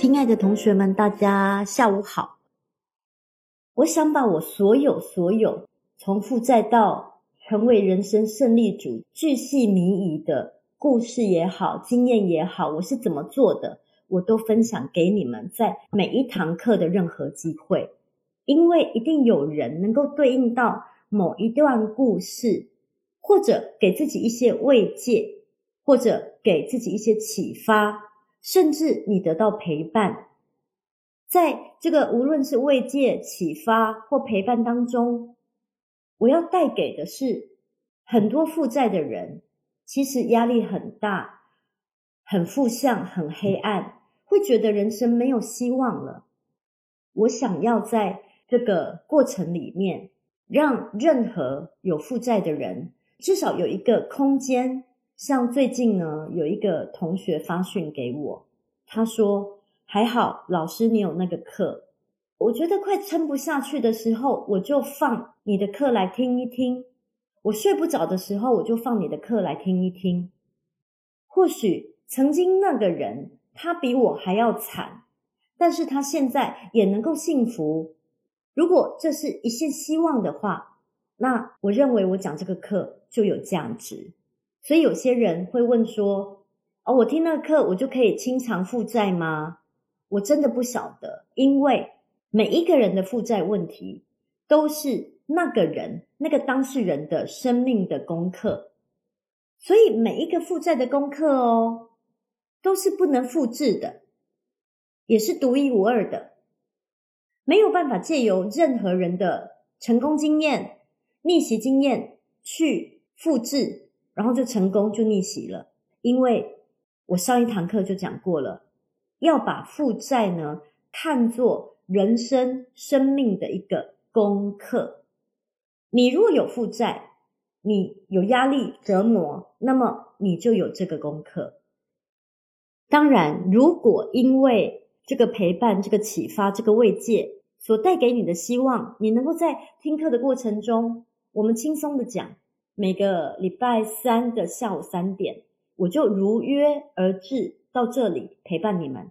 親愛的同學們，大家下午好。我想把我所有所有從負債到成為人生勝利組巨細靡遺的故事也好，經驗也好，我是怎麼做的，我都分享給你們，在每一堂課的任何機會，因為一定有人能夠對應到某一段故事，或者給自己一些慰藉，或者給自己一些啟發。甚至你得到陪伴，在這個無論是慰藉、啟發或陪伴當中，我要帶給的是很多負債的人，其實壓力很大，很負向、很黑暗，會覺得人生沒有希望了。我想要在這個過程裡面，讓任何有負債的人至少有一個空間。像最近呢，有一個同學發訊給我，他說：“還好，老師你有那個課，我覺得快撐不下去的時候，我就放你的課來聽一聽。我睡不着的時候，我就放你的課來聽一聽。或許曾經那個人他比我還要慘，但是他現在也能夠幸福。如果這是一線希望的話，那我認為我講這個課就有價值。”所以有些人會問說：“哦，我聽了課，我就可以清償負債嗎？”我真的不曉得，因為每一個人的負債問題都是那個人、那個當事人的生命的功課，所以每一個負債的功課哦，都是不能複製的，也是獨一無二的，沒有辦法借由任何人的成功經驗、逆襲經驗去複製。然後就成功，就逆襲了。因為，我上一堂課就講過了，要把負債呢，看作人生生命的一個功課。你如果有負債，你有壓力折磨，那麼你就有這個功課。當然，如果因為這個陪伴、這個啟發、這個慰藉所帶給你的希望，你能夠在聽課的過程中，我們輕鬆的講。每個禮拜三的下午三點，我就如約而至到這裡陪伴你們。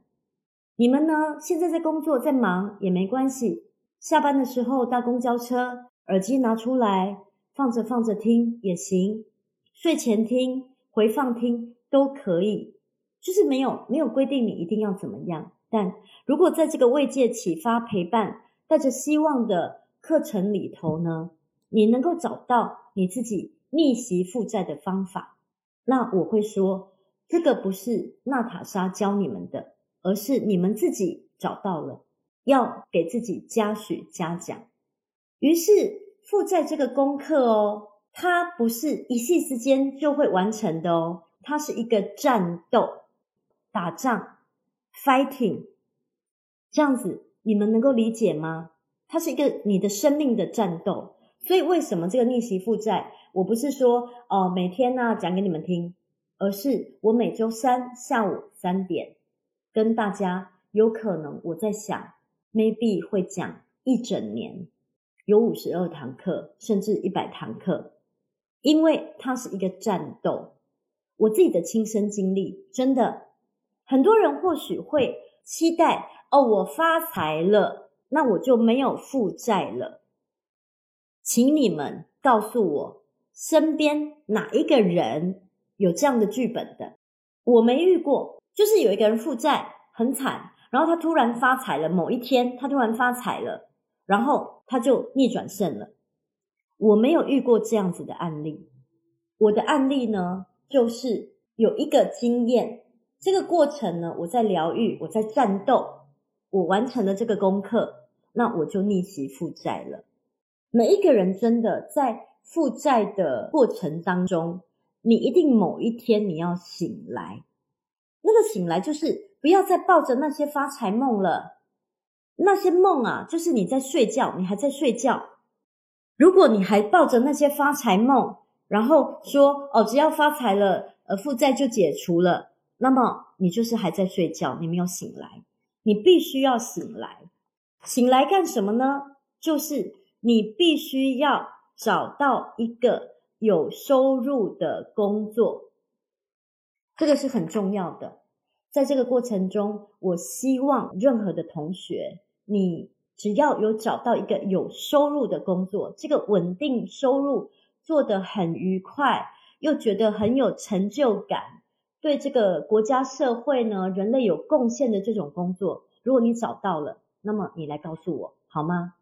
你們呢，現在在工作在忙也沒關係，下班的時候搭公交車，耳機拿出來放着放着聽也行，睡前聽、回放聽都可以，就是沒有沒有規定你一定要怎麼樣。但如果在這個慰藉、啟發、陪伴、帶着希望的課程裡頭呢，你能夠找到你自己。逆襲負債的方法，那我會說，這個不是娜塔莎教你們的，而是你們自己找到了，要給自己嘉許嘉獎。於是負債這個功課哦，它不是一夕之間就會完成的哦，它是一個戰鬥、打仗、fighting，這樣子，你們能夠理解嗎？它是一個你的生命的戰鬥，所以為什麼這個逆襲負債？我不是說哦，每天呢、啊、講給你們聽，而是我每周三下午三點跟大家，有可能我在想，maybe 會講一整年，有五十二堂課，甚至一百堂課，因為它是一個戰鬥。我自己的親身經歷，真的很多人或許會期待哦，我發財了，那我就沒有負債了。請你們告訴我。身邊哪一個人有這樣的劇本的？我沒遇過，就是有一個人負債很慘，然後他突然發財了。某一天他突然發財了，然後他就逆轉勝了。我沒有遇過這樣子的案例。我的案例呢，就是有一個經驗，這個過程呢，我在療癒，我在戰鬥，我完成了這個功課，那我就逆襲負債了。每一個人真的在。負債的過程當中，你一定某一天你要醒來。那個醒來就是不要再抱着那些發財夢了。那些夢啊，就是你在睡覺，你還在睡覺。如果你還抱着那些發財夢，然後說哦，只要發財了，呃，負債就解除了，那麼你就是還在睡覺，你沒有醒來。你必須要醒來，醒來幹什麼呢？就是你必須要。找到一個有收入的工作，這個是很重要的。在這個過程中，我希望任何的同學，你只要有找到一個有收入的工作，這個穩定收入，做得很愉快，又覺得很有成就感，對這個國家社會呢，人類有貢獻的這種工作，如果你找到了，那麼你來告訴我好嗎？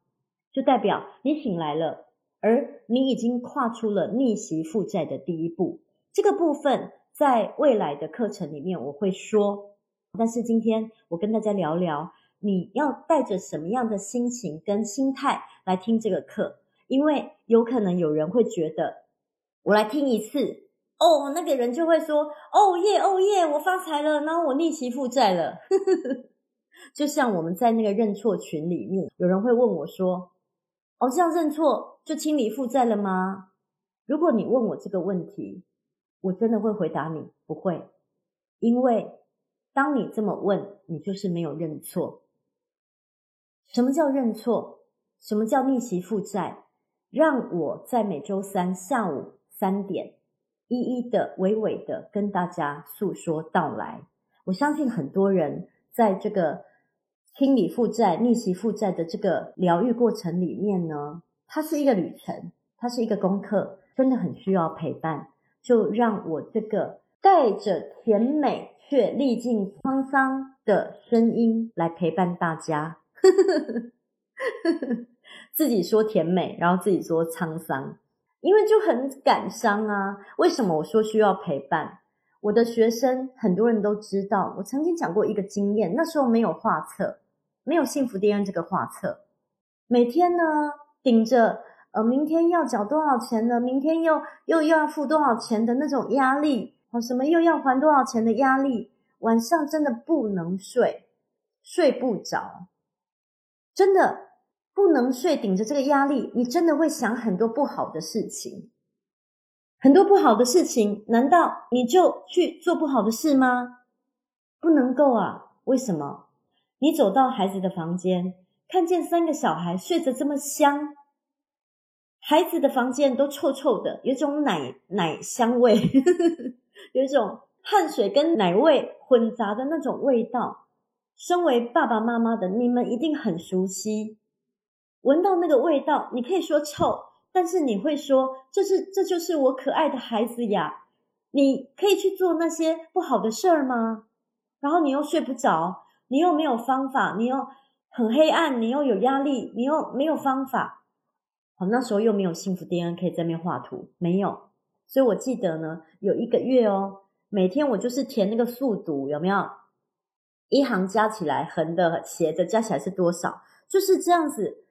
就代表你醒來了。而你已經跨出了逆襲負債的第一步，這個部分在未來的課程裡面，我會說，但是今天我跟大家聊聊，你要帶着什麼樣的心情跟心態來聽這個課？因為有可能有人會覺得，我來聽一次，哦，那個人就會說，哦耶，哦耶，我發財了，然後我逆襲負債了， 就像我們在那個認錯群裡面，有人會問我說。好像認錯就清理負債了嗎？如果你問我這個問題，我真的會回答你不會，因為當你這麼問，你就是沒有認錯。什麼叫認錯？什麼叫逆襲負債？讓我在每周三下午三點一一的娓娓的跟大家訴說道來。我相信很多人在這個。清理負債、逆襲負債的這個療癒過程裡面呢，它是一個旅程，它是一個功課，真的很需要陪伴。就讓我這個帶着甜美卻歷盡滄桑的聲音來陪伴大家， 自己說甜美，然後自己說滄桑，因為就很感傷啊。為什麼我說需要陪伴？我的學生很多人都知道，我曾經講過一個經驗，那時候沒有畫冊。沒有幸福 d n 這個畫冊，每天呢，頂着呃，明天要繳多少錢呢？明天又又又要付多少錢的那種壓力，好、哦、什麼又要還多少錢的壓力？晚上真的不能睡，睡不着，真的不能睡，頂着這個壓力，你真的會想很多不好的事情，很多不好的事情，難道你就去做不好的事嗎？不能夠啊，為什麼？你走到孩子的房間，看見三個小孩睡得這麼香，孩子的房間都臭臭的，有一種奶奶香味， 有一種汗水跟奶味混雜的那種味道。身為爸爸媽媽的你們一定很熟悉，聞到那個味道，你可以說臭，但是你會說這是這就是我可愛的孩子呀。你可以去做那些不好的事兒嗎？然後你又睡不着。你又沒有方法，你又很黑暗，你又有壓力，你又沒有方法。好，oh，那時候又沒有幸福 DNA 可以在那邊畫圖，沒有。所以我記得呢，有一個月哦，每天我就是填那個數獨，有沒有？一行加起來，橫的和斜的加起來是多少？就是這樣子，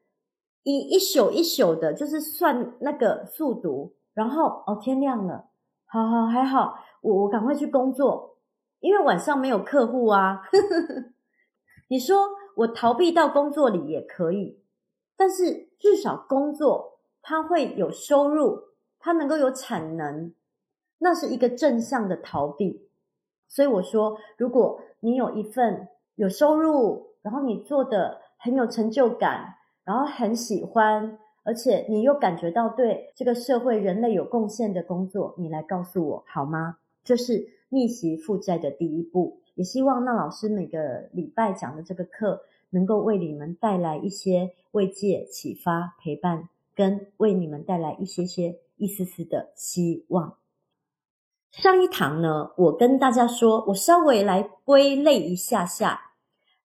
一一宿一宿的，就是算那個數獨。然後哦，天亮了，好好還好，我我趕快去工作，因為晚上沒有客戶啊。呵呵呵。你說我逃避到工作裡也可以，但是至少工作它會有收入，它能夠有產能，那是一個正向的逃避。所以我說，如果你有一份有收入，然後你做得很有成就感，然後很喜歡，而且你又感覺到對這個社會、人類有貢獻的工作，你來告訴我好嗎？這就是逆襲負債的第一步。也希望娜老師每個禮拜講的這個課，能夠為你們帶來一些慰藉、啟發、陪伴，跟為你們帶來一些些、一絲絲的希望。上一堂呢，我跟大家說，我稍微來歸類一下下，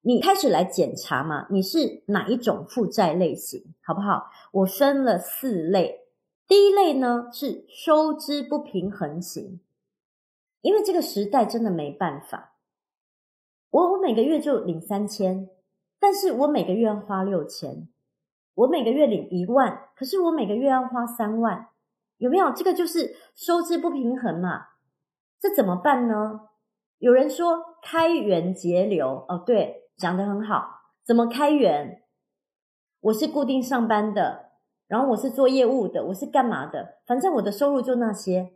你開始來檢查嘛，你是哪一種負債類型，好不好？我分了四類，第一類呢是收支不平衡型，因為這個時代真的沒辦法。我我每個月就領三千，但是我每個月要花六千，我每個月領一萬，可是我每個月要花三萬，有沒有？這個就是收支不平衡嘛，這怎麼辦呢？有人說開源節流，哦，對，講得很好。怎麼開源？我是固定上班的，然後我是做業務的，我是幹嘛的？反正我的收入就那些，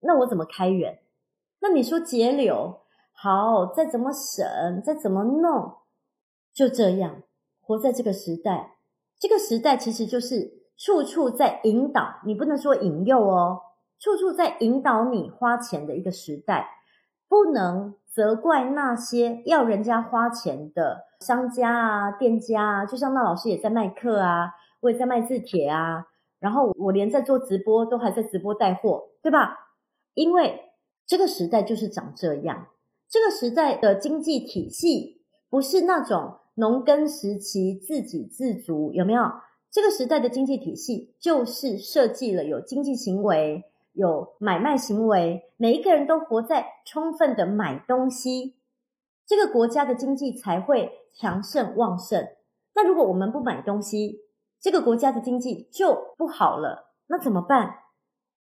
那我怎麼開源？那你說節流？好，再怎麼省，再怎麼弄，就這樣活在這個時代。這個時代其實就是處處在引導你，不能說引誘哦，處處在引導你花錢的一個時代。不能責怪那些要人家花錢的商家啊、店家啊。就像娜老師也在賣課啊，我也在賣字帖啊，然後我連在做直播都還在直播帶貨，對吧？因為這個時代就是長這樣。這個時代的經濟體系不是那種農耕時期自給自足，有沒有？這個時代的經濟體系就是設計了有經濟行為、有買賣行為，每一個人都活在充分的買東西，這個國家的經濟才會強盛旺盛。那如果我們不買東西，這個國家的經濟就不好了，那怎麼辦？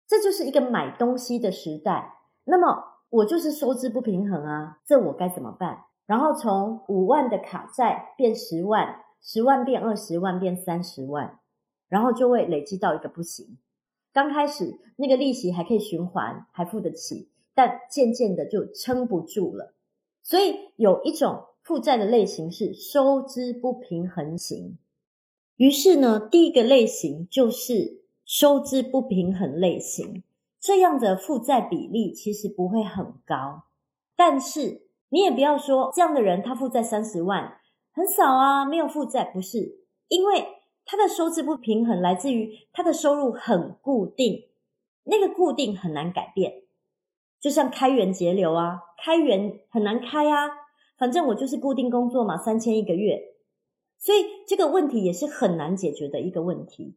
這就是一個買東西的時代。那麼。我就是收支不平衡啊，這我該怎麼辦？然後從五萬的卡債變十萬，十萬變二十萬，變三十萬，然後就會累積到一個不行。剛開始那個利息還可以循環，還付得起，但漸漸的就撐不住了。所以有一種負債的類型是收支不平衡型。於是呢，第一個類型就是收支不平衡類型。這樣的負債比例其實不會很高，但是你也不要說這樣的人他負債三十萬很少啊，沒有負債不是，因為他的收支不平衡，來自於他的收入很固定，那個固定很難改變，就像開源節流啊，開源很難開啊，反正我就是固定工作嘛，三千一個月，所以這個問題也是很難解決的一個問題，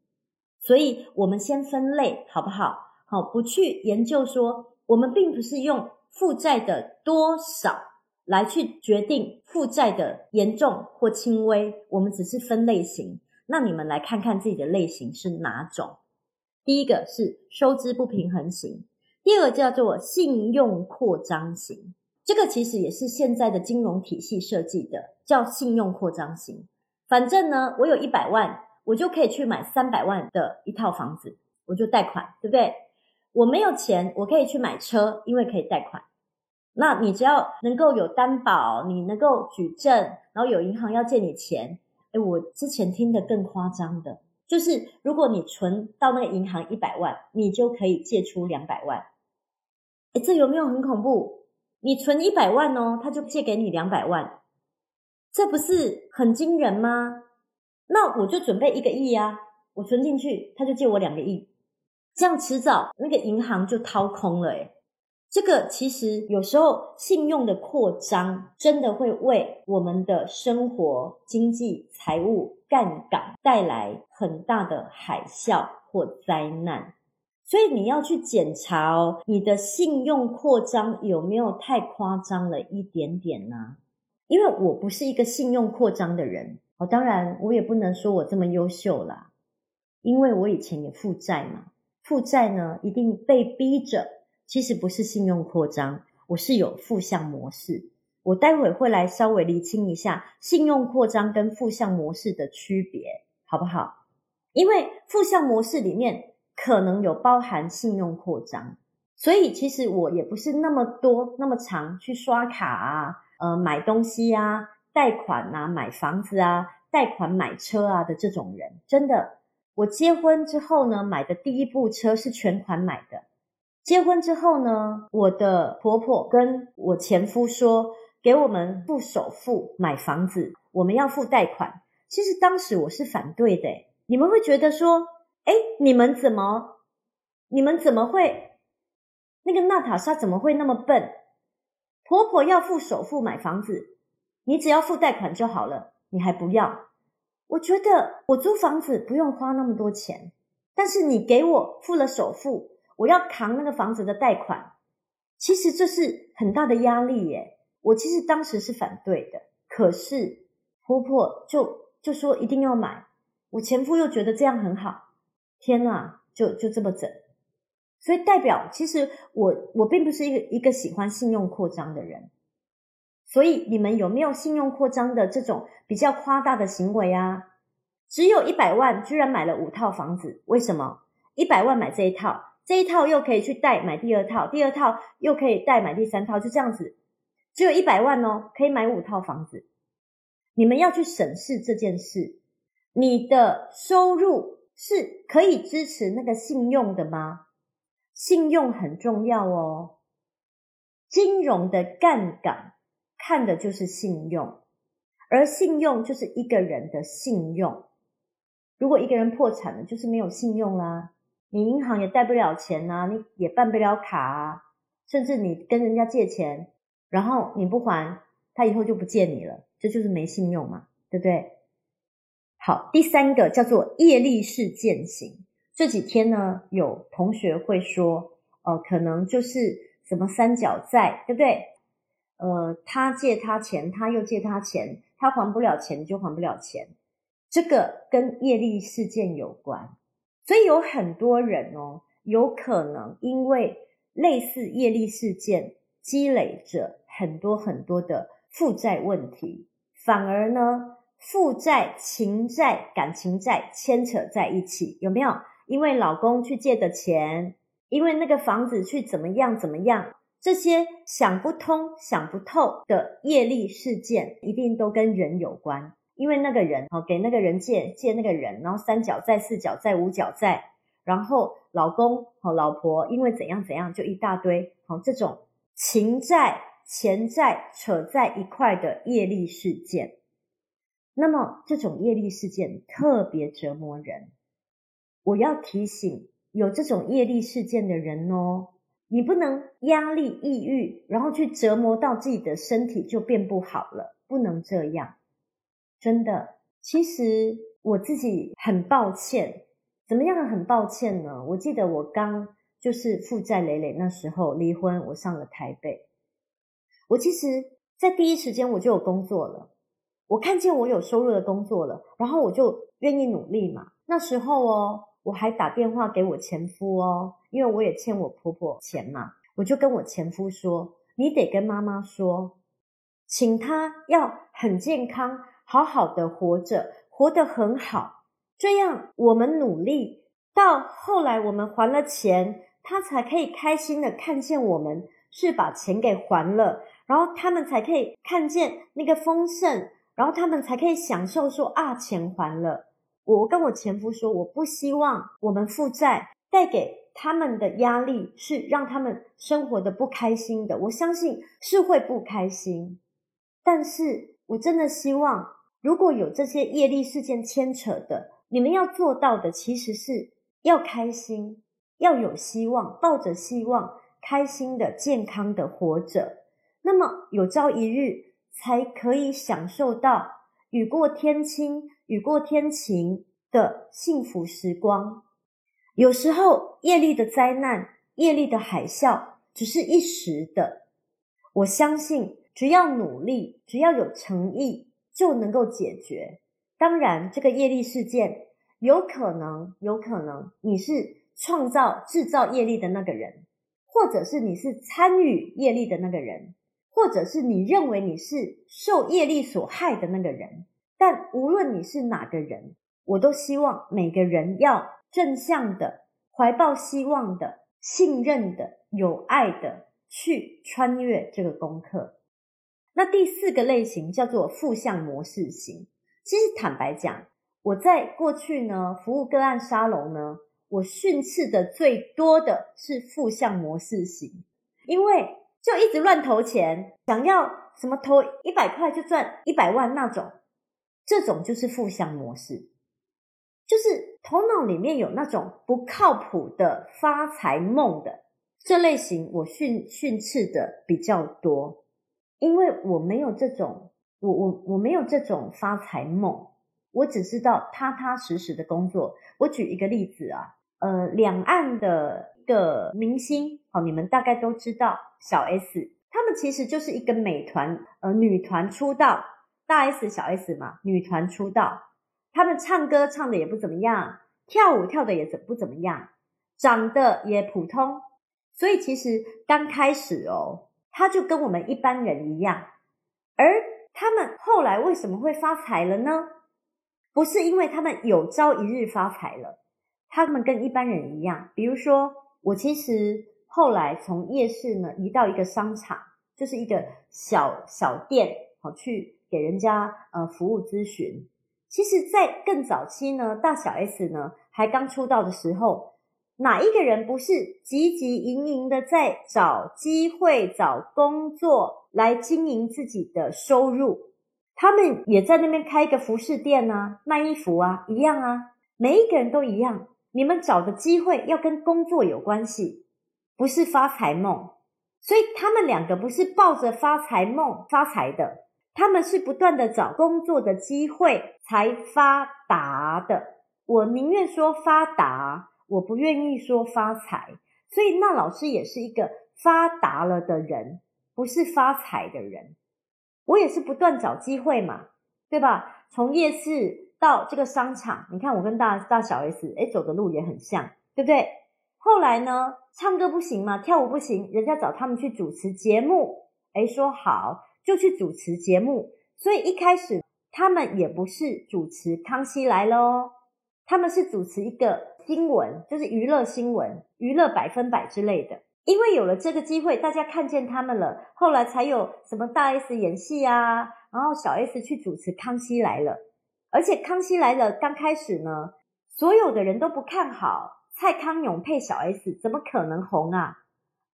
所以我們先分類好不好？好，不去研究說，我們並不是用負債的多少來去決定負債的嚴重或輕微，我們只是分類型。那你們來看看自己的類型是哪種？第一個是收支不平衡型，第二個叫做信用擴張型。這個其實也是現在的金融體系設計的，叫信用擴張型。反正呢，我有一百萬，我就可以去買三百萬的一套房子，我就貸款，對不對？我沒有錢，我可以去買車，因為可以貸款。那你只要能夠有擔保，你能夠舉證，然後有銀行要借你錢。誒，我之前聽的更誇張的，就是如果你存到那個銀行一百萬，你就可以借出兩百萬。誒，這有沒有很恐怖？你存一百萬哦，他就借給你兩百萬，這不是很驚人嗎？那我就準備一個億呀，啊，我存進去，他就借我兩個億。這樣遲早那個銀行就掏空了，誒。這個其實有時候信用的擴張真的會為我們的生活、經濟、財務、槓桿帶來很大的海嘯或災難，所以你要去檢查哦，你的信用擴張有沒有太誇張了一點點呢？因為我不是一個信用擴張的人哦，當然我也不能說我這麼優秀啦，因為我以前也負債嘛。負債呢，一定被逼着。其實不是信用擴張，我是有負向模式。我待會會來稍微釐清一下信用擴張跟負向模式的區別，好不好？因為負向模式裡面可能有包含信用擴張，所以其實我也不是那麼多、那麼常去刷卡啊、呃買東西啊、貸款啊、買房子啊、貸款買車啊的這種人，真的。我結婚之後呢，買的第一部車是全款買的。結婚之後呢，我的婆婆跟我前夫說，給我們付首付買房子，我們要付貸款。其實當時我是反對的。你們會覺得說，哎，你們怎麼，你們怎麼會？那個娜塔莎怎麼會那麼笨？婆婆要付首付買房子，你只要付貸款就好了，你還不要。我覺得我租房子不用花那麼多錢，但是你給我付了首付，我要扛那個房子的貸款，其實這是很大的壓力耶。我其實當時是反對的，可是婆婆就就說一定要買，我前夫又覺得這樣很好，天吶，就就這麼整，所以代表其實我我並不是一個一個喜歡信用擴張的人。所以你們有沒有信用擴張的這種比較誇大的行為啊？只有一百萬，居然買了五套房子，為什麼？一百萬買這一套，這一套又可以去貸買第二套，第二套又可以貸買第三套，就這樣子，只有一百萬哦，可以買五套房子。你們要去審視這件事，你的收入是可以支持那個信用的嗎？信用很重要哦，金融的槓桿。看的就是信用，而信用就是一個人的信用。如果一個人破產了，就是沒有信用啦、啊。你銀行也貸不了錢吶、啊，你也辦不了卡啊，甚至你跟人家借錢，然後你不還，他以後就不借你了，這就是沒信用嘛，對不對？好，第三個叫做業力式踐行。這幾天呢，有同學會說，哦、呃，可能就是什麼三角債，對不對？呃，他借他錢，他又借他錢，他還不了錢就還不了錢，這個跟業力事件有關。所以有很多人哦，有可能因為類似業力事件，積累着很多很多的負債問題，反而呢，負債、情債、感情債牽扯在一起，有沒有？因為老公去借的錢，因為那個房子去怎麼樣怎麼樣。這些想不通，想不透的業力事件，一定都跟人有關，因為那個人哦，給那個人借借那個人，然後三角債、四角債、五角債，然後老公老婆，因為怎樣怎樣，就一大堆哦，這種情債、錢債扯在一塊的業力事件，那麼這種業力事件特別折磨人。我要提醒有這種業力事件的人哦。你不能壓力抑鬱，然後去折磨到自己的身體就變不好了，不能這樣，真的。其實我自己很抱歉，怎麼樣很抱歉呢？我記得我剛就是負債累累那時候離婚，我上了台北，我其實在第一時間我就有工作了，我看見我有收入的工作了，然後我就願意努力嘛。那時候哦。我還打電話給我前夫哦，因為我也欠我婆婆錢嘛，我就跟我前夫說：“你得跟媽媽說，請她要很健康，好好的活着，活得很好。這樣我們努力到後來，我們還了錢，她才可以開心的看見我們是把錢給還了，然後他們才可以看見那個豐盛，然後他們才可以享受說啊，錢還了。”我跟我前夫說，我不希望我們負債帶給他們的壓力是讓他們生活得不開心的。我相信是會不開心，但是我真的希望，如果有這些業力事件牽扯的，你們要做到的其實是要開心，要有希望，抱着希望，開心的、健康的活着，那麼有朝一日才可以享受到。雨過天青，雨過天晴的幸福時光。有時候業力的災難、業力的海嘯只是一時的。我相信，只要努力，只要有誠意，就能夠解決。當然，這個業力事件有可能，有可能你是創造、制造業力的那個人，或者是你是參與業力的那個人。或者是你認為你是受業力所害的那個人，但無論你是哪個人，我都希望每個人要正向的、懷抱希望的、信任的、有愛的去穿越這個功課。那第四個類型叫做負向模式型。其實坦白講，我在過去呢服務個案沙龍呢，我訓斥的最多的是負向模式型，因為，就一直亂投錢，想要什麼投一百塊就賺一百萬那種，這種就是負向模式，就是頭腦裡面有那種不靠譜的發財夢的這類型，我訓訓斥的比較多，因為我沒有這種，我我我沒有這種發財夢，我只知道踏踏實實的工作。我舉一個例子啊，呃，兩岸的一個明星。好，你們大概都知道，小 S 他們其實就是一個美團呃女團出道，大 S 小 S 嘛，女團出道，他們唱歌唱的也不怎麼樣，跳舞跳的也怎不怎麼樣，長得也普通，所以其實剛開始哦，他就跟我們一般人一樣。而他們後來為什麼會發財了呢？不是因為他們有朝一日發財了，他們跟一般人一樣，比如說我其實。後來從夜市呢，移到一個商場，就是一個小小店，好去給人家呃服務諮詢。其實，在更早期呢，大小 S 呢還剛出道的時候，哪一個人不是汲汲營營的在找機會、找工作來經營自己的收入？他們也在那邊開一個服飾店吶、啊，賣衣服啊，一樣啊，每一個人都一樣。你們找的機會要跟工作有關係。不是發財夢，所以他們兩個不是抱着發財夢發財的，他們是不斷的找工作的機會才發達的。我寧願說發達，我不願意說發財。所以娜老師也是一個發達了的人，不是發財的人。我也是不斷找機會嘛，對吧？從夜市到這個商場，你看我跟大大小 S，哎，走的路也很像，對不對？後來呢，唱歌不行嘛，跳舞不行，人家找他們去主持節目，哎，說好就去主持節目。所以一開始他們也不是主持《康熙來了》哦，他們是主持一個新聞，就是娛樂新聞、娛樂百分百之類的。因為有了這個機會，大家看見他們了，後來才有什麼大 S 演戲啊，然後小 S 去主持《康熙來了》，而且《康熙來了》剛開始呢，所有的人都不看好。蔡康永配小 S 怎麼可能紅啊？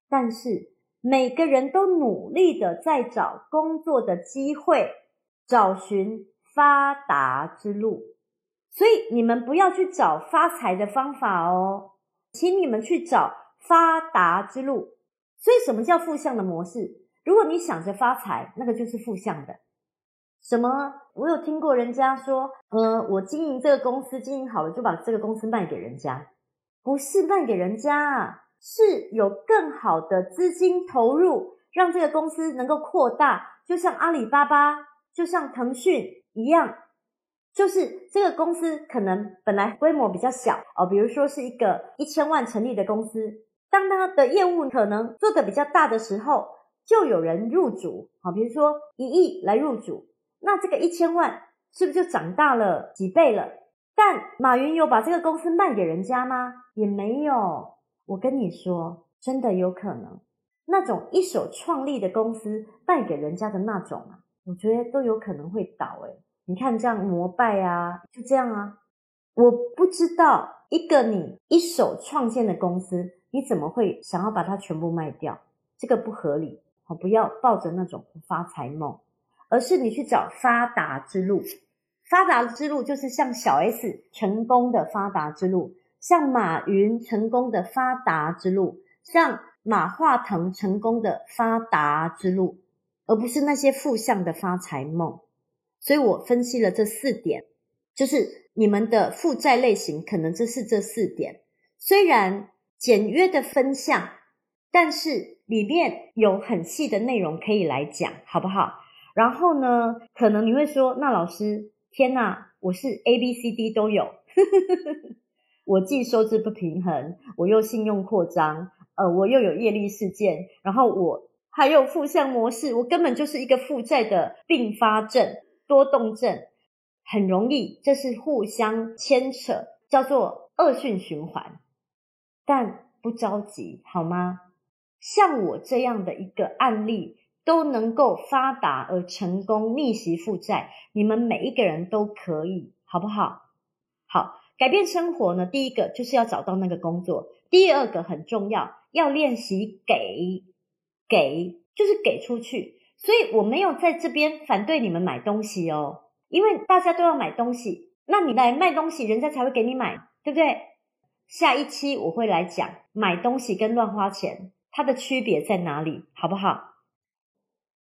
但是每個人都努力的在找工作的機會，找尋發達之路，所以你們不要去找發財的方法哦，請你們去找發達之路。所以什麼叫負向的模式？如果你想着發財，那個就是負向的。什麼？我有聽過人家說，呃，我經營這個公司經營好了，就把這個公司賣給人家。不是賣給人家，是有更好的資金投入，讓這個公司能夠擴大。就像阿里巴巴，就像騰訊一樣，就是這個公司可能本來規模比較小哦，比如說是一個一千萬成立的公司，當它的業務可能做得比較大的時候，就有人入主，好、哦，比如說一億來入主，那這個一千萬是不是就長大了幾倍了？但馬雲有把這個公司賣給人家嗎？也沒有。我跟你說，真的有可能，那種一手創立的公司賣給人家的那種啊，我覺得都有可能會倒欸。哎，你看這樣摩拜啊，就這樣啊。我不知道一個你一手創建的公司，你怎麼會想要把它全部賣掉？這個不合理。我不要抱着那種不發財夢，而是你去找發達之路。發達之路就是像小 S 成功的發達之路，像馬雲成功的發達之路，像馬化騰成功的發達之路，而不是那些負向的發財夢。所以我分析了這四點，就是你們的負債類型可能就是這四點。雖然簡約的分項，但是裡面有很細的內容可以來講，好不好？然後呢，可能你會說，那老師，天吶，我是 A B C D 都有，呵呵呵，我既收支不平衡，我又信用擴張，呃，我又有業力事件，然後我還有負向模式，我根本就是一個負債的併發症、多動症，很容易，這是互相牽扯，叫做惡性循環，但不着急好嗎？像我這樣的一個案例，都能夠發達而成功逆襲負債，你們每一個人都可以，好不好？好，改變生活呢，第一個就是要找到那個工作，第二個很重要，要練習給，給就是給出去。所以我沒有在這邊反對你們買東西哦，因為大家都要買東西，那你來賣東西，人家才會給你買，對不對？下一期我會來講買東西跟亂花錢它的區別在哪裡，好不好？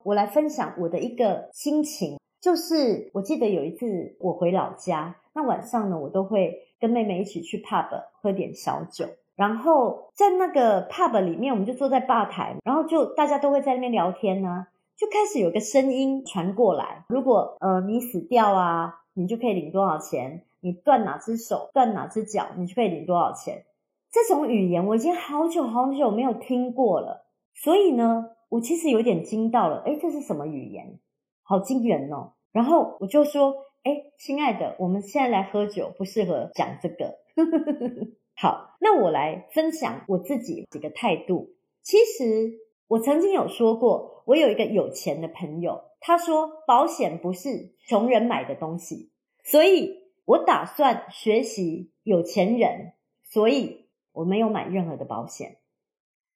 我來分享我的一個心情，就是我記得有一次我回老家，那晚上呢，我都會跟妹妹一起去 pub 喝點小酒，然後在那個 pub 裡面，我們就坐在吧台，然後就大家都會在那邊聊天呢啊，就開始有個聲音傳過來，如果呃你死掉啊，你就可以領多少錢，你斷哪隻手斷哪隻腳，你就可以領多少錢，這種語言我已經好久好久沒有聽過了，所以呢。我其實有點驚到了，誒，這是什麼語言？好驚人哦！然後我就說，誒，親愛的，我們現在來喝酒，不適合講這個。 好，那我來分享我自己幾個態度。其實我曾經有說過，我有一個有錢的朋友，他說保險不是窮人買的東西，所以我打算學習有錢人，所以我沒有買任何的保險。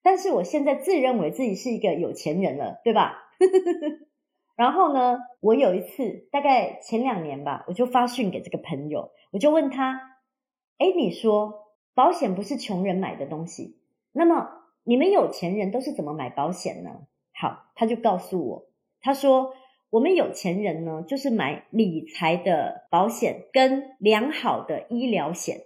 但是我現在自認為自己是一個有錢人了，對吧？ 然後呢，我有一次，大概前兩年吧，我就發訊給這個朋友，我就問他：“誒，你說，保險不是窮人買的東西，那麼你們有錢人都是怎麼買保險呢？”好，他就告訴我，他說：“我們有錢人呢，就是買理財的保險跟良好的醫療險。”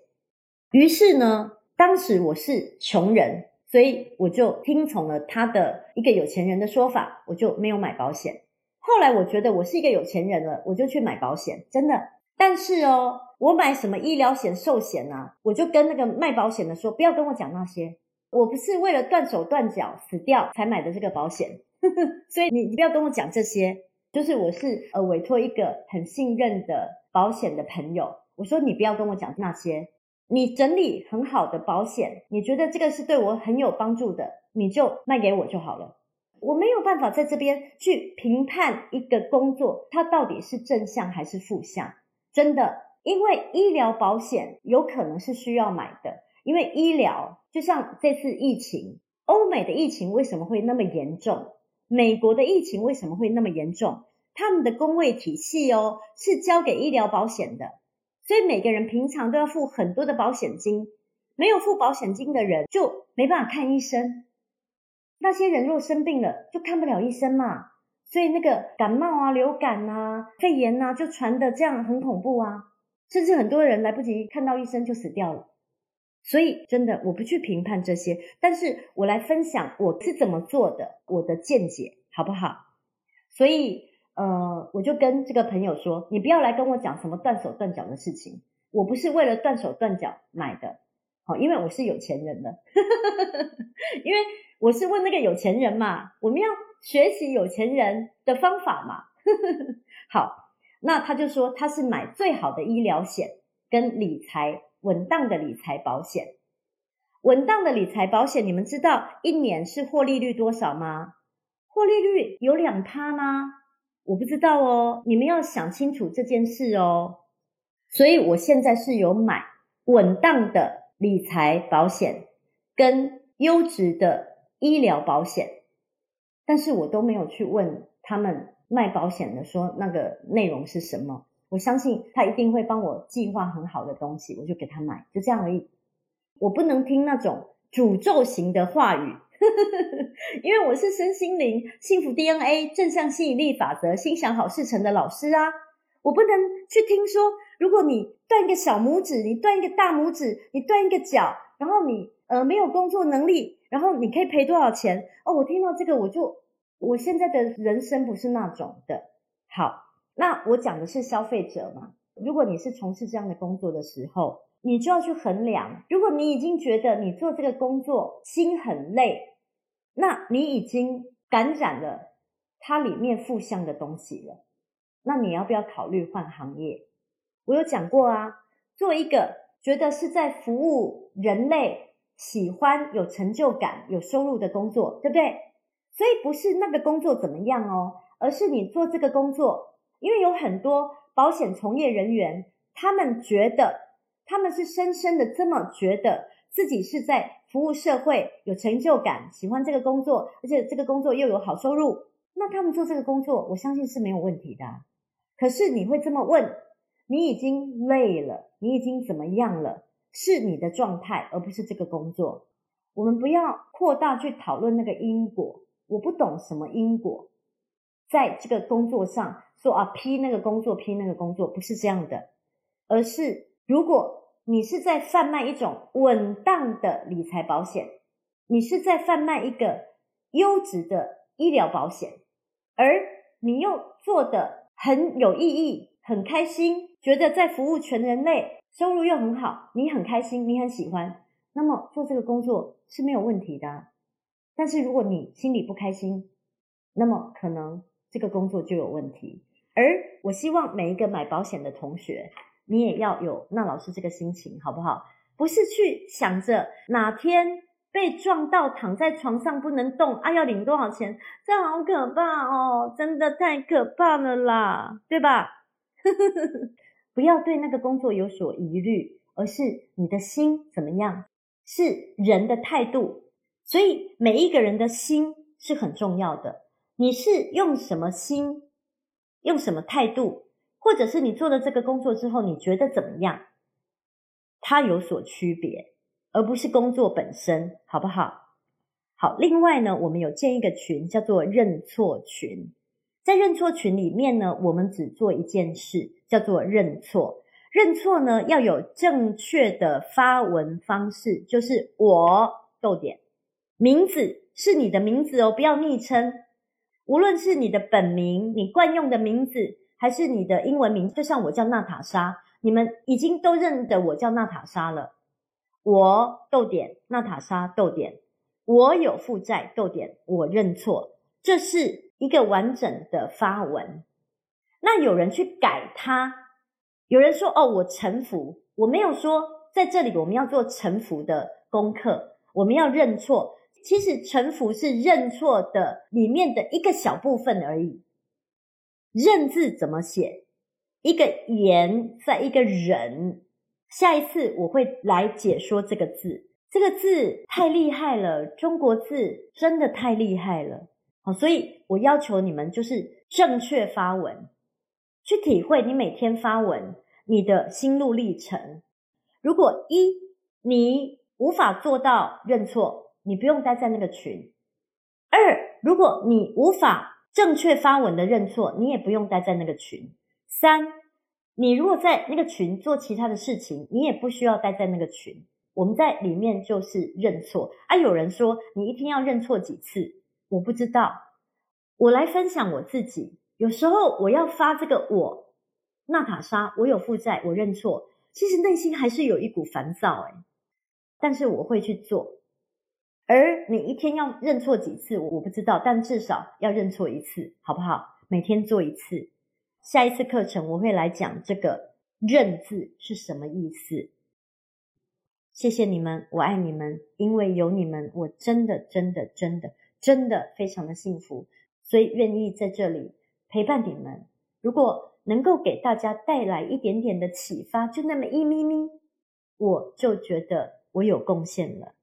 於是呢，當時我是窮人。所以我就聽從了他的一個有錢人的說法，我就沒有買保險。後來我覺得我是一個有錢人了，我就去買保險，真的。但是哦，我買什麼醫療險、壽險啊？我就跟那個賣保險的說，不要跟我講那些，我不是為了斷手斷腳死掉才買的這個保險， 所以你你不要跟我講這些。就是我是呃委托一個很信任的保險的朋友，我說你不要跟我講那些。你整理很好的保險，你覺得這個是對我很有幫助的，你就賣給我就好了。我沒有辦法在這邊去評判一個工作，它到底是正向還是負向。真的，因為醫療保險有可能是需要買的，因為醫療就像這次疫情，歐美的疫情為什麼會那麼嚴重？美國的疫情為什麼會那麼嚴重？他們的公衛體系哦，是交給醫療保險的。所以每個人平常都要付很多的保險金，沒有付保險金的人就沒辦法看醫生。那些人若生病了，就看不了醫生嘛。所以那個感冒啊、流感啊、肺炎啊，就傳得這樣很恐怖啊，甚至很多人來不及看到醫生就死掉了。所以真的，我不去評判這些，但是我來分享我是怎麼做的，我的見解好不好？所以。呃，我就跟這個朋友說：“你不要來跟我講什麼斷手斷腳的事情，我不是為了斷手斷腳買的，好，因為我是有錢人的， 因為我是問那個有錢人嘛，我們要學習有錢人的方法嘛。 好，那他就說他是買最好的醫療險跟理財，穩當的理財保險，穩當的理財保險，你們知道一年是獲利率多少嗎？獲利率有兩趴嗎？”我不知道哦，你們要想清楚這件事哦。所以我現在是有買穩當的理財保險跟優質的醫療保險，但是我都沒有去問他們賣保險的說那個內容是什麼。我相信他一定會幫我計劃很好的東西，我就給他買，就這樣而已。我不能聽那種詛咒型的話語。呵呵呵， 因為我是身心靈、幸福 DNA、正向吸引力法則、心想好事成的老師啊，我不能去聽說，如果你斷一個小拇指，你斷一個大拇指，你斷一個腳，然後你呃沒有工作能力，然後你可以賠多少錢？哦，我聽到這個我就，我現在的人生不是那種的。好，那我講的是消費者嘛，如果你是從事這樣的工作的時候。你就要去衡量，如果你已經覺得你做這個工作心很累，那你已經感染了它裡面負向的東西了。那你要不要考慮換行業？我有講過啊，做一個覺得是在服務人類、喜歡有成就感、有收入的工作，對不對？所以不是那個工作怎麼樣哦，而是你做這個工作，因為有很多保險從業人員，他們覺得。他們是深深的這麼覺得自己是在服務社會，有成就感，喜歡這個工作，而且這個工作又有好收入。那他們做這個工作，我相信是沒有問題的啊。可是你會這麼問，你已經累了，你已經怎麼樣了，是你的狀態，而不是這個工作。我們不要擴大去討論那個因果。我不懂什麼因果，在這個工作上說啊，批那個工作，批那個工作，不是這樣的，而是。如果你是在販賣一種穩當的理財保險，你是在販賣一個優質的醫療保險，而你又做得很有意義、很開心，覺得在服務全人類，收入又很好，你很開心，你很喜歡，那麼做這個工作是沒有問題的啊。但是如果你心裡不開心，那麼可能這個工作就有問題。而我希望每一個買保險的同學。你也要有那老師這個心情，好不好？不是去想着哪天被撞到躺在床上不能動，啊，要領多少錢？這好可怕哦！真的太可怕了啦，對吧？ 不要對那個工作有所疑慮，而是你的心怎麼樣？是人的態度。所以每一個人的心是很重要的。你是用什麼心，用什麼態度？或者是你做了這個工作之後，你覺得怎麼樣？它有所區別，而不是工作本身，好不好？好，另外呢，我們有建一個群，叫做“認錯群”。在認錯群裡面呢，我們只做一件事，叫做認錯。認錯呢，要有正確的發文方式，就是我逗點，名字是你的名字哦，不要昵稱，無論是你的本名，你慣用的名字。還是你的英文名，就像我叫娜塔莎，你們已經都認得我叫娜塔莎了。我逗點娜塔莎逗點，我有負債逗點，我認錯。這是一個完整的發文。那有人去改它，有人說哦，我臣服。我沒有說在這裡我們要做臣服的功課，我們要認錯。其實臣服是認錯的裡面的一個小部分而已。認字怎麼寫？一個言，在一個人。下一次我會來解說這個字。這個字太厲害了，中國字真的太厲害了。好，所以我要求你們就是正確發文，去體會你每天發文你的心路歷程。如果一，你無法做到認錯，你不用待在那個群；二，如果你無法，正確發文的認錯，你也不用待在那個群。三，你如果在那個群做其他的事情，你也不需要待在那個群。我們在裡面就是認錯。哎、啊，有人說你一天要認錯幾次？我不知道。我來分享我自己，有時候我要發這個我，娜塔莎，我有負債，我認錯。其實內心還是有一股煩躁哎、欸，但是我會去做。而你一天要認錯幾次？我不知道，但至少要認錯一次，好不好？每天做一次。下一次課程我會來講這個“認字”是什麼意思。謝謝你們，我愛你們，因為有你們，我真的、真的、真的、真的非常的幸福，所以願意在這裡陪伴你們。如果能夠給大家帶來一點點的啟發，就那麼一咪咪，我就覺得我有貢獻了。